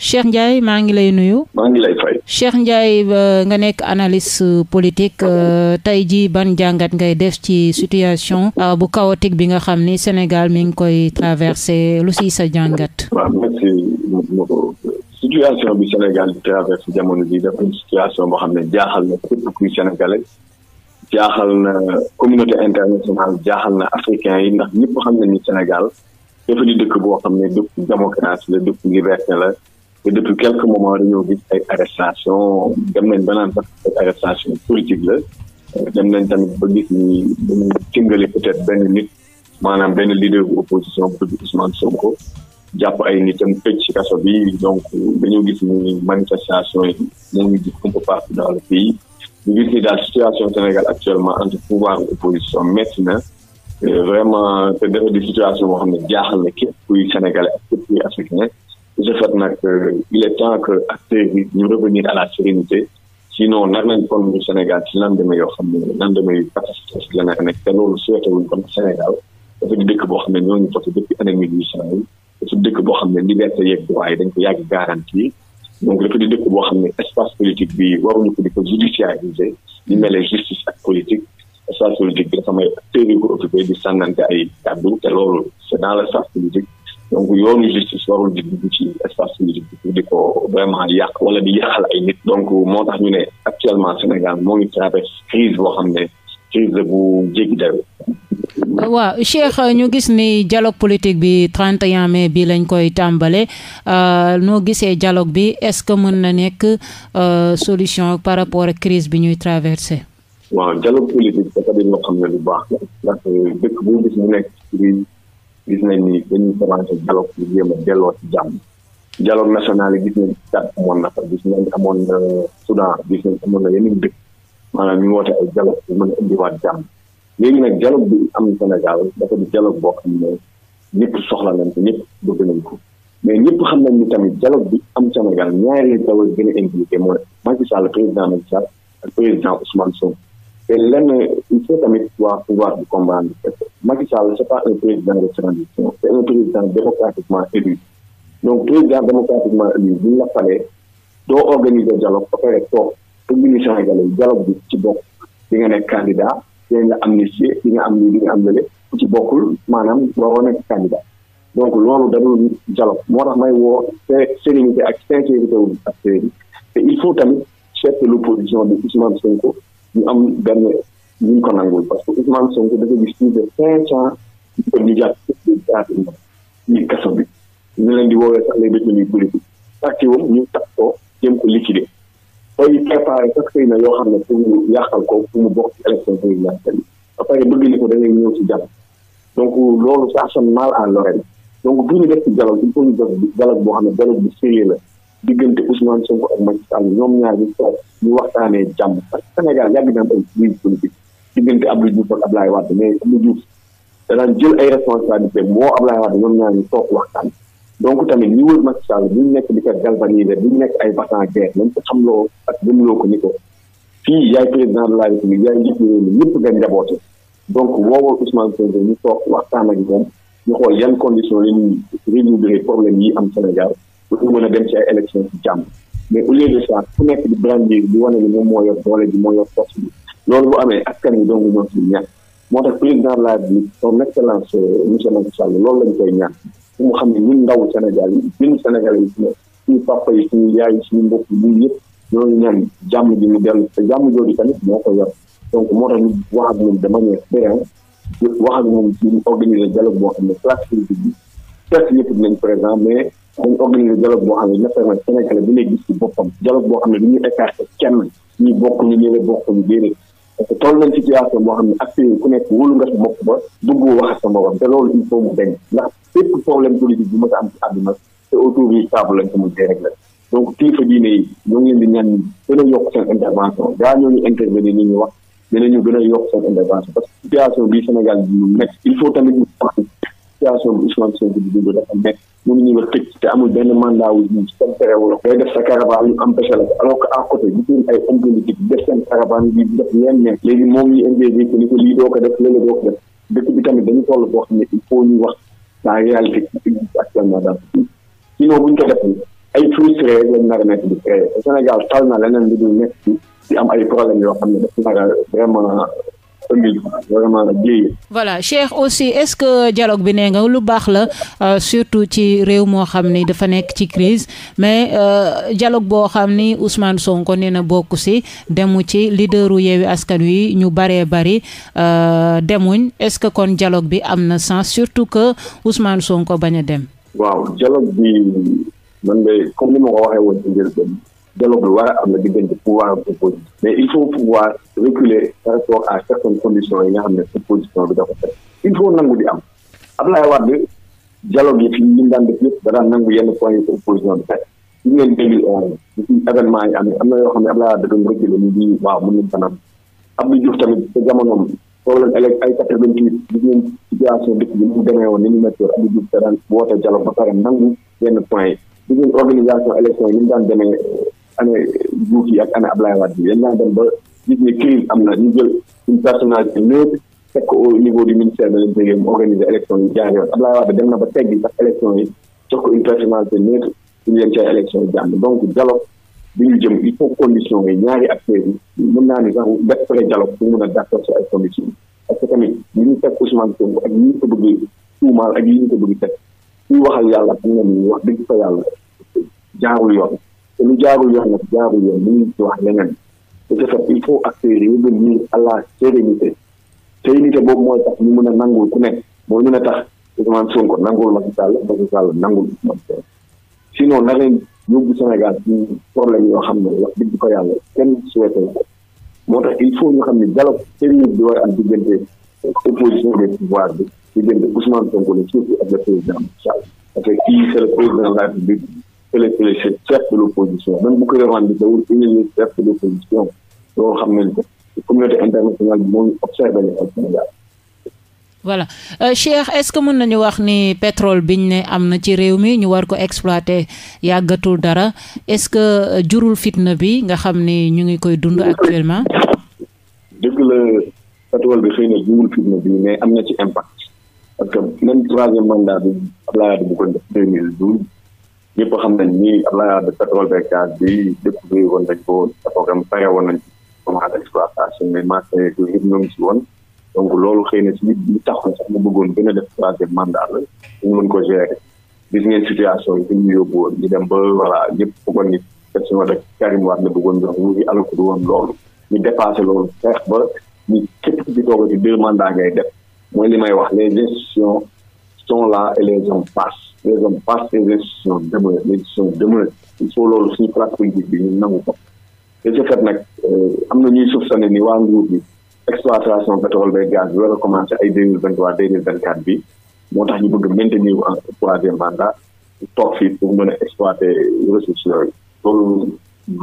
Cheikh Ndiaye maa ngi lay nuyu. maa ngi lay fay. Cheikh Ndiaye euh, nga nekk analyste politique euh, tey jii ban jàngat ngay def ci situation euh, bu chaotique bi nga xam ni Sénégal mi ngi koy traversé lu si sa jàngat. waaw situation bi Sénégal boo xam ne jaaxal na képp kuy sénégalais jaaxal na communauté internationale jaaxal na africain yi ndax ñëpp xam nañu Sénégal dafa di dëkk boo xam ne dëkk démocratie la dëkk liberté la. te depuis quelques moment dañoo gis ay arrestation dem nañ ba naan ay arrestation politique la dem nañ tamit ba gis ni dañu cëngale peut-être benn nit maanaam benn leader bu opposition bu tudd Ousmane jàpp ay nitam tëj ci kaso bi donc dañoo gis ni manifestation yi mu ngi gis un peu partout dans ni daal situation Sénégal actuellement entre pouvoir opposition métti na vraiment te dafa di situation boo xam ne jaaxal na képp kuy sénégalais ak kuy africain ce fait nag euh, il est temps que acteurs yi ñu revenir à la sérénité sinon nar nañ kon ñu Sénégal ci lendemain yoo xam ne lendemain yu catastrophe la nar te loolu souhaité wuñ kon Sénégal dafa di dëkk boo xam ne ñooñu foofu dëkk boo xam ne liberté yeeg droit yi dañ ko yàgg garantie donc dafa di dëkk boo xam ne espace politique bi waruñu ko di ko judiciariser di mêler justice ak politique espace politique bi dafa may acteurs di sànnante ay kàddu te loolu c'est dans l'espace politique donc yoonu justice warul di ko vraiment yàq wala di yàqal ay nit donc moo tax ñu ne actuellement Sénégal moo ngi traverse crise boo xam ne crise bu jéggi dayo waaw Cheikh ñu gis ni dialogue politique bi 31 mais bi lañ koy tàmbale euh, noo gisee dialogue bi est-ce que mën na nekk euh, solution par rapport ak crise bi ñuy traversé waaw dialogue politique dafa euh, gis mu nekk gis nañ ni dañuy commencé dialogue pour jéem a delloo ci jàmm dialogue national gis nañ Tchad amoon na fa gis amoon na Soudan gis nañ amoon na yeneen dëkk maanaam ñu woote ay dialogue pour mën a indiwaat jàmm léegi nag dialogue bi am Sénégal dafa di dialogue boo xam ne ñëpp soxla ko mais ñëpp xam nañ ni tamit dialogue bi am Sénégal ñaari dawal gën a impliqué mooy Macky Sall président Macky Sall ak président Ousmane Sonko te il faut tamit waa pouvoir bi comprendre Macky c'est pas un président de transition c'est un président démocratiquement élu donc président démocratiquement élu bu ñu la falee doo organiser dialogue ba pare toog te bu ñu Sénégalais dialogue bi ci bokk di nga nekk candidat di nga di nga am lii di nga am lële ku ci bokkul maanaam waroo nekk candidat donc loolu dadul dialogue moo tax may woo sérénité ak sincérité wu ak te il faut tamit chef de l'opposition bi ñu am benn ñu ko nangul parce que Ousmane Sonko dafa gis plus de cinq cent ñu jàpp ñu ñu leen di woowee sax les ko jéem ko liquider tey préparé na yoo xam ne pour ko pour mu bokk ci élection présidentielle yi ba pare ko da ngay ñëw ci jàpp donc loolu ça sonne mal à l'oreille donc bu ñu def ci dialogue il faut ñu def dialogue boo xam ne dialogue bu sérieux la diggante Ousmane Sonko ak Macky Sall ñoom ñaar ñu toog ñu waxtaanee jàmm parce que Sénégal yàgg na am ay crise politique diggante Abdou Diouf ak Abdoulaye Wade mais Abdou Diouf danaan jël ay responsabilité moo Abdoulaye Wade ñoom ñaar ñu toog waxtaan donc tamit ñi wër Macky Sall buñ nekk di ko galvaniser buñ nekk ay vacan guerre nañ ko xamloo ak gëmloo ko ni ko fii yaay président de la République yaay njiit réew mi ñëpp nga njaboote donc woowal Ousmane Sonko ñu toog waxtaan ak moom ñu xool yan condition la ñuy résoudre problème yi pour ñu mën a dem ci ay élection ci jàmm mais au lieu de ça ku nekk di brandir di wane ni moom moo yor doole bi moo yor force bi loolu bu amee askan yi donc ñoo ci ñàkk moo tax président de la République son excellence euh, monsieur Macky Sall loolu lañ koy ñaan mu xam ne ñun ndaw Sénégal yi ñun Sénégal yi su ne suñu papa yi suñu yaay suñu mbokk yi yëpp ñooñu ñaan jàmm bi mu dellu te jàmm jooju tamit moo ko yor donc moo tax ñu wax ak moom de manière pérenne wax ak moom ci organiser dialogue boo xam ne classe politique bi dañ organiser dialogue boo xam ne dina permettre Sénégalais bu ne boppam dialogue boo xam ne du ñu écarté kenn ñi bokk ñu ñële bokk ñu déedéet parce que toll nañ xam ne acteurs ku nekk wóolu nga sa bopp ba dugg wax ak sa moroom te loolu il faut mu dañ bu mën a am ci àdduna te autour du table yi ñoo ngi leen di ñaan ñu gën a yokk seen intervention ñu intervenir ni ñu wax dinañu gën a yokk bi Sénégal bi ñu nekk il faut tamit ñu wax situation bi Ousmane nekk mënuñu la tëj te amul benn mandat wu ñu seen terewul day def sa caravane ñu empêché la alors que à def seen caravane bi def leen ne léegi moom ñu invité que ni ko lii ko def léegi doo ko def dëkk bi tamit dañu toll boo xam ne il faut ñu wax la réalité qui existe actuellement dans ce pays sinon buñ ko def ay frustré rek lañ nar a nekk di créé Sénégal tal na leneen lu dul nekk ci di am ay problèmes yoo xam ne dafa nar a vraiment famille vraiment voilà Cheikh aussi est-ce que dialogue bi nee nga lu baax la euh, surtout ci réew moo xam ni dafa nekk ci crise mais euh, dialogue boo xam ni Ousmane Sonko nee na bokku si demu ci leaderu Yewwi Askan Wi ñu baree bari euh, demuñ est-ce que kon dialogue bi am na sens surtout que Ousmane Sonko bañ a dem waaw dialogue bi man de comme ni ma ko waxee woon ci njëlbeen dialogue lu war a am na di pouvoir ak opposition mais il faut pouvoir reculer par rapport à certaines conditions yi nga xam ne opposition bi dafa teg il faut di am Ablaye Wade dialogue yi fi ñu da daan nangu yenn points yi bi teg ñu ngeen deux mille onze bi am na yoo xam ne Ablaye Wade da doon reculer ñu di waaw mën nañ ay quatre-vingt-huit gis ngeen situation dëkk ni mu demee woon ni ñu méttoor da daan woote dialogue ba pare nangu yenn daan demee année Diouf yi ak année Ablaye Wade bi dañ daan dem ba gis ne am na ñu jël une personnalité neutre teg ko au niveau du ministère de l'Intérieur mu organiser élection yi jaar yoon Ablaye Wade dem na ba teggi sax élection yi jox ko une personnalité neutre ñu leen ci élection yi jàmm donc dialogue bi ñu jëm il faut condition yi ñaari acteurs yi mën naa ni sax def pré dialogue pour mun a d'accord ci ay conditions parce que tamit li ñu teg Ousmane Sonko ak li ñu ko bëgg tuumaal ak yi ñu ko bëgg teg kuy waxal yàlla xam wax dëgg fa yàlla jaarul yoon lu jaarul yoon nag jaarul yoon lu ñuy wax leneen te ce fait il faut acteurs yi boobu mooy tax ñu mën a nangul ku nekk moo ñu ne tax Ousmane Sonko nangul Macky Sall Macky Sall nangul Ousmane Sonko sinon na leen yóbbu Sénégal problème yoo xam ne wax dëgg ko yàlla kenn souhaité ko moo tax il faut ñu xam ne dialogue sérieux bi war a am diggante opposition des pouvoir bi diggante Ousmane Sonko le surtout ak le président Macky Sall parce que kii c'est le président de la République que le de l'opposition même bu ko revendiqué wul loolu xam nañ ko communauté internationale bi moo observé le Sénégal voilà euh, Cheikh est-ce que mën nañu wax ni pétrole ñu ne am na ci réew mi ñu war ko exploité yàggatul dara est-ce que euh, jurul fitna bi nga xam ni ñu ngi koy dund actuellement dëgg la pétrole bi xëy na jurul fitna bi mais am na ci impact parce que même troisième mandat bi Abdoulaye Wade bu ko def deux mille douze ñëpp xam nañ ni ablaye de pétrole beeg gaz bi découvrir woon nañ ko programme pare woon nañ ci commencé exploitation mais marché bi yëpp ñoo woon donc loolu xëy na si li taxoon sax mu bëggoon gën a def la ko gérer gis ngeen situation yi ñu yóbbu woon ñu dem ba voilà ñëpp bëggoon ni personne rek Karim Wade la bëggoon jox mu ngi alku du woon loolu ñu dépassé loolu xeex ba ñu képp di toogati ngay def mooy li may wax les institutions sont là et les hommes passent les hommes passent et les institutions demeurent les institutions demeurent loolu suñu classe politique bi ñu nangu ko de ce nag euh, am na ñuy soupçonné ni waa nguur bi exploitation pétrole bay gaz bi war a commencé ay deux mille vingt trois deux vingt quatre bi moo tax ñu bëgg maintenir en troisième mandat toog fii pour mën a exploiter ressources yooyu loolu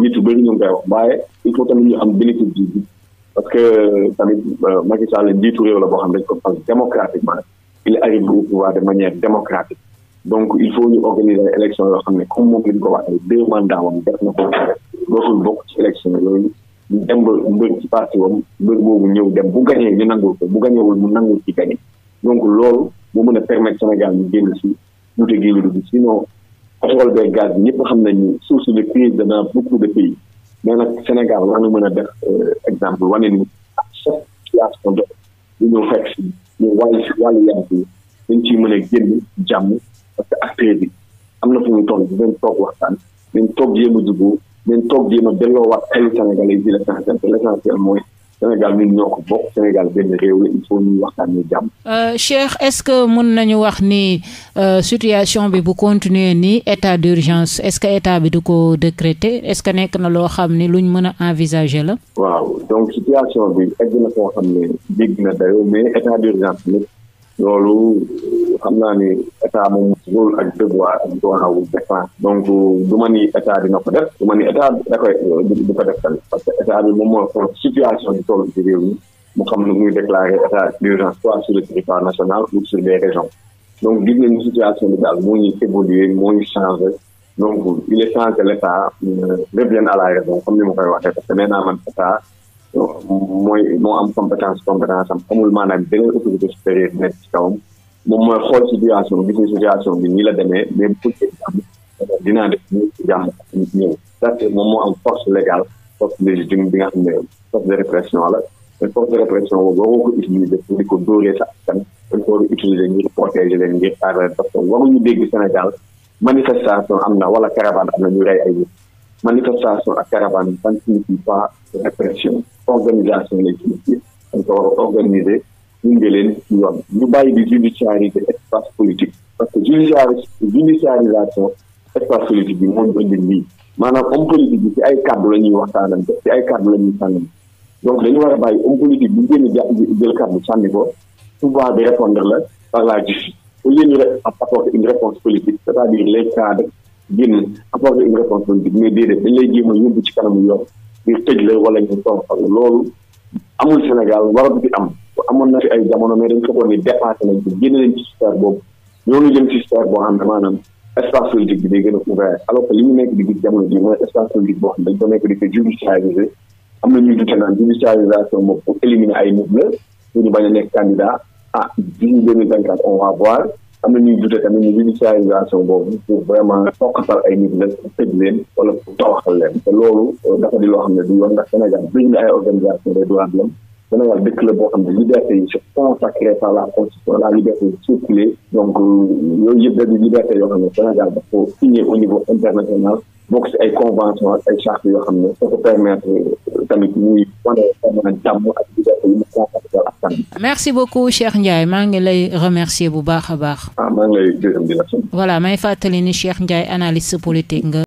nit yu bëri waaye il faut tamit ñu am bénéfice du parce que euh, tamit euh, Macky Sall njiitu la boo xam dañ ko fal démocratiquement il arrive au pouvoir démocratique donc il faut ñu organiser élection yoo xam ne comme moom la ñu ko waxee deux mandats wam def na ko dootul bokk ci élection yooyu ñu dem ba mbër boobu ñëw dem bu gañee ñu nangul ko bu gañewul mu nangul ci gañe donc loolu moo mën a permettre Sénégal ñu génn si duute gi lu dugg sinon pétrole beeg gaz bi ñëpp xam nañu source de crise dans beaucoup de pays mais nag Sénégal war na mën a def euh, exemple wane ni chaque situation fekk si ñu wàllu si wàllu yàgg yi dañ mën a génn jàmm parce que acteur bi am na ñu muy toll dinañ toog waxtaan dinañ toog jéem a jubóo dinañ toog jéem a delloowaat xelu Sénégal yi di l'essentiel te l'essentiel mooy Sénégal ñun ñoo ko bokk Sénégal benn réew la il faut ñuy waxtaanee jàmm. Euh, Cheikh est-ce que mën nañu wax ni euh, situation bi bu continuer nii état d'urgence est-ce que état bi du ko décréter est-ce que nekk na loo xam ni luñ mën a envisager la. waaw donc situation bi egg na koo xam ne dégg na dayoo mais état d'urgence nit loolu xam naa ni état moom rôle ak devoir ak droit wu donc du ma ni état dina ko def du ma ni état da koy du ko def tamit parce que état bi moom moo xool situation bi toll ci réew xam ne muy déclarer état d'urgence soit sur le territoire national ou sur les régions donc gis nañu situation bi daal moo ñuy évoluer moo donc il est temps que l' état euh, à la raison comme ni ma koy waxee parce que nee naa man état mooy moo am compétence compétence am amul maanaam beneen mooy xool situation gis nga bi nii la demee mais bu fekkee jàmm dinaa moom moo am force légale force légitime bi nga xam ne force la mais force de répression boobu waroo ko utiliser pour di ko a utiliser ngir protéger leen ngir aar leen parce que waruñu dégg Sénégal manifestation am na wala caravane am na ñu rey ay nit manifestation ak caravane tant qu'il a pas organisation lay signifié dañ ko war a organiser gunge leen ci yoon ñu bàyyi di judiciariser espace politique parce que judiciari judiciarisation espace politique bi moom indi lii maanaam homme politique ci ay kàddu la ñuy waxtaanante ci ay kàddu la ñuy sànnante donc dañu war a bàyyi homme politique bi génn jàpp jël kàddu sànni ko pouvoir bi répondre la par la justice au lieu ñu apporter une réponse politique c'est-à-dire les cadres génn apporter une réponse politique mais déedéet dañ lay jéem a yóbbu ci kanamu yoon ngir tëj la wala ñu toog loolu amul Sénégal waratu fi am amoon na fi ay jamono mais dañ fekkoon ni dépassé nañ ko génn nañ ci sphère boobu ñooñu jëm ne maanaam a ouvert alors que li ñu nekk di gis jamono ji mooy espace politique boo xam nekk di ko am na ñuy dute naan judiciarisation ay nit la pour ñu bañ a nekk candidat ah dix mille deux mille vingt quatre on va voir am na ñuy dute tamit ñu judiciarisation boobu pour vraiment sokkatal ay nit la tëj leen wala pour toroxal leen loolu euh, dafa di loo xam ne du yoon ndax Sénégal bëri na ay organisation des droits de l'homme Sénégal dëkk la boo xam ne liberté yi c'est consacré par la constitution la liberté de circuler donc euh, yooyu yëpp dañuy liberté yoo xam ne Sénégal daf ko au niveau international bokk ci ay convention ak ay charte yoo xam ne ça peut permettre euh, tamit muy wane vraiment jàmm ak liberté yi mu consacré askan bi merci beaucoup Cheikh Ndiaye maa ngi lay remercier bu baax a baax. ah maa ngi lay gërëm di la may fàttali ni Cheikh Ndiaye analyste politique nga.